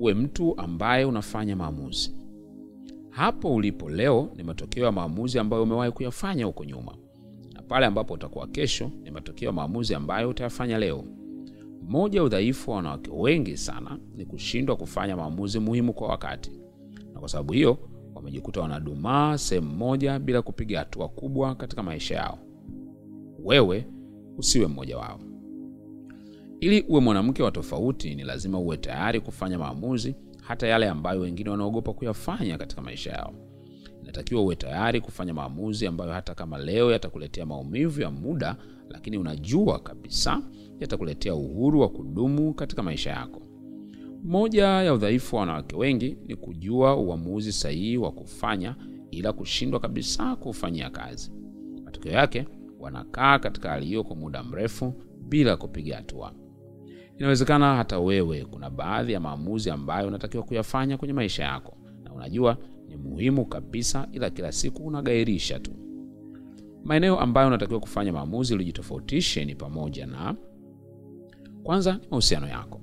uwe mtu ambaye unafanya maamuzi. Hapo ulipo leo ni matokeo ya maamuzi ambayo umewahi kuyafanya huko nyuma, na pale ambapo utakuwa kesho ni matokeo ya maamuzi ambayo utayafanya leo. Mmoja udhaifu wa wanawake wengi sana ni kushindwa kufanya maamuzi muhimu kwa wakati, na kwa sababu hiyo wamejikuta wanadumaa sehemu moja bila kupiga hatua kubwa katika maisha yao. Wewe usiwe mmoja wao. Ili uwe mwanamke wa tofauti, ni lazima uwe tayari kufanya maamuzi, hata yale ambayo wengine wanaogopa kuyafanya katika maisha yao. Inatakiwa uwe tayari kufanya maamuzi ambayo hata kama leo yatakuletea maumivu ya muda, lakini unajua kabisa yatakuletea uhuru wa kudumu katika maisha yako. Moja ya udhaifu wa wanawake wengi ni kujua uamuzi sahihi wa kufanya ila kushindwa kabisa kuufanyia kazi. Matokeo yake, wanakaa katika hali hiyo kwa muda mrefu bila kupiga hatua. Inawezekana hata wewe kuna baadhi ya maamuzi ambayo unatakiwa kuyafanya kwenye maisha yako na unajua ni muhimu kabisa, ila kila siku unagairisha tu. Maeneo ambayo unatakiwa kufanya maamuzi ili ujitofautishe ni pamoja na kwanza, ni mahusiano yako.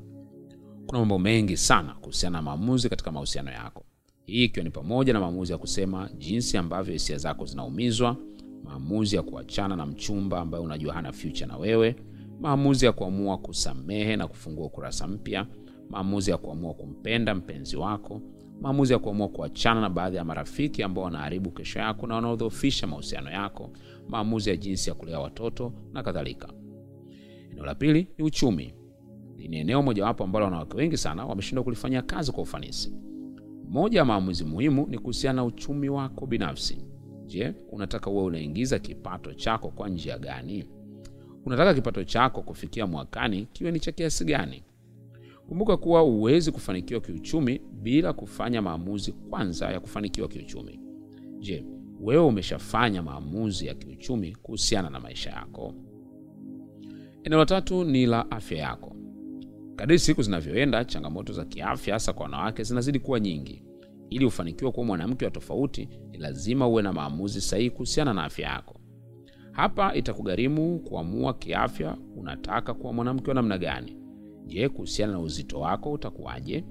Kuna mambo mengi sana kuhusiana na maamuzi katika mahusiano yako, hii ikiwa ni pamoja na maamuzi ya kusema jinsi ambavyo hisia zako zinaumizwa, maamuzi ya kuachana na mchumba ambaye unajua hana future na wewe maamuzi ya kuamua kusamehe na kufungua ukurasa mpya, maamuzi ya kuamua kumpenda mpenzi wako, maamuzi ya kuamua kuachana na baadhi ya marafiki ambao wanaharibu kesho yako na wanaodhoofisha mahusiano yako, maamuzi ya jinsi ya kulea watoto na kadhalika. Eneo la pili ni uchumi. Ni eneo mojawapo ambalo wanawake wengi sana wameshindwa kulifanyia kazi kwa ufanisi. Moja ya maamuzi muhimu ni kuhusiana na uchumi wako binafsi. Je, unataka uwe unaingiza kipato chako kwa njia gani? unataka kipato chako kufikia mwakani kiwe ni cha kiasi gani. Kumbuka kuwa huwezi kufanikiwa kiuchumi bila kufanya maamuzi kwanza ya kufanikiwa kiuchumi. Je, wewe umeshafanya maamuzi ya kiuchumi kuhusiana na maisha yako? Eneo la tatu ni la afya yako. Kadiri siku zinavyoenda, changamoto za kiafya, hasa kwa wanawake, zinazidi kuwa nyingi. Ili ufanikiwa kuwa mwanamke wa tofauti, ni lazima uwe na maamuzi sahihi kuhusiana na afya yako hapa itakugharimu kuamua kiafya unataka kuwa mwanamke wa namna gani je kuhusiana na uzito wako utakuwaje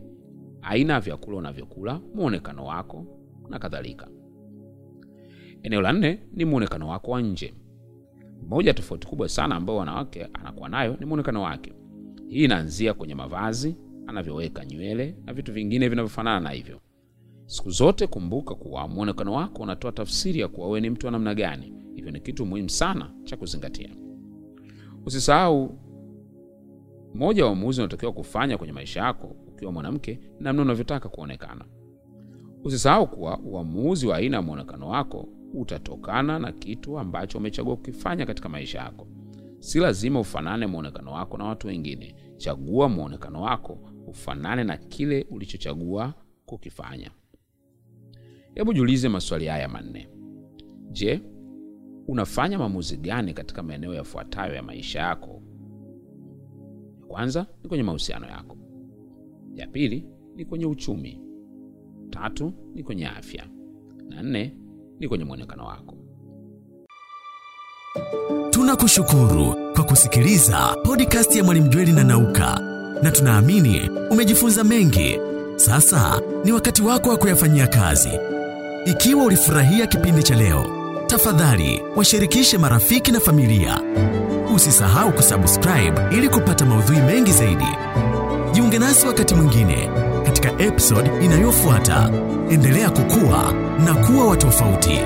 aina ya vyakula unavyokula mwonekano wako na kadhalika eneo la nne ni mwonekano wako wa nje moja tofauti kubwa sana ambayo wanawake anakuwa nayo ni mwonekano wake hii inaanzia kwenye mavazi anavyoweka nywele na vitu vingine vinavyofanana na hivyo siku zote kumbuka kuwa mwonekano wako unatoa tafsiri ya kuwa wewe ni mtu wa namna gani hivyo ni kitu muhimu sana cha kuzingatia usisahau moja wa uamuzi unatakiwa kufanya kwenye maisha yako ukiwa mwanamke namna unavyotaka kuonekana usisahau kuwa uamuzi wa aina ya mwonekano wako utatokana na kitu ambacho umechagua kukifanya katika maisha yako si lazima ufanane mwonekano wako na watu wengine chagua mwonekano wako ufanane na kile ulichochagua kukifanya hebu jiulize maswali haya manne je unafanya maamuzi gani katika maeneo yafuatayo ya maisha yako? Ya kwanza ni kwenye mahusiano yako, ya pili ni kwenye uchumi, tatu ni kwenye afya, na nne ni kwenye mwonekano wako. Tunakushukuru kwa kusikiliza podcast ya Mwalimu Jweli na Nauka, na tunaamini umejifunza mengi. Sasa ni wakati wako wa kuyafanyia kazi. Ikiwa ulifurahia kipindi cha leo Tafadhali washirikishe marafiki na familia. Usisahau kusubscribe ili kupata maudhui mengi zaidi. Jiunge nasi wakati mwingine katika episode inayofuata. Endelea kukua na kuwa wa tofauti.